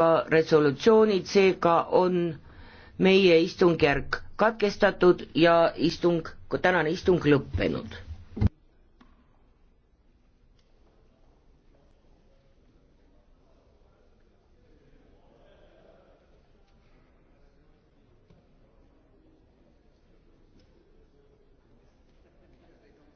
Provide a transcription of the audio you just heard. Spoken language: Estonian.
ka resolutsioonid, seega on meie istungjärk katkestatud ja istung, tänane istung lõppenud.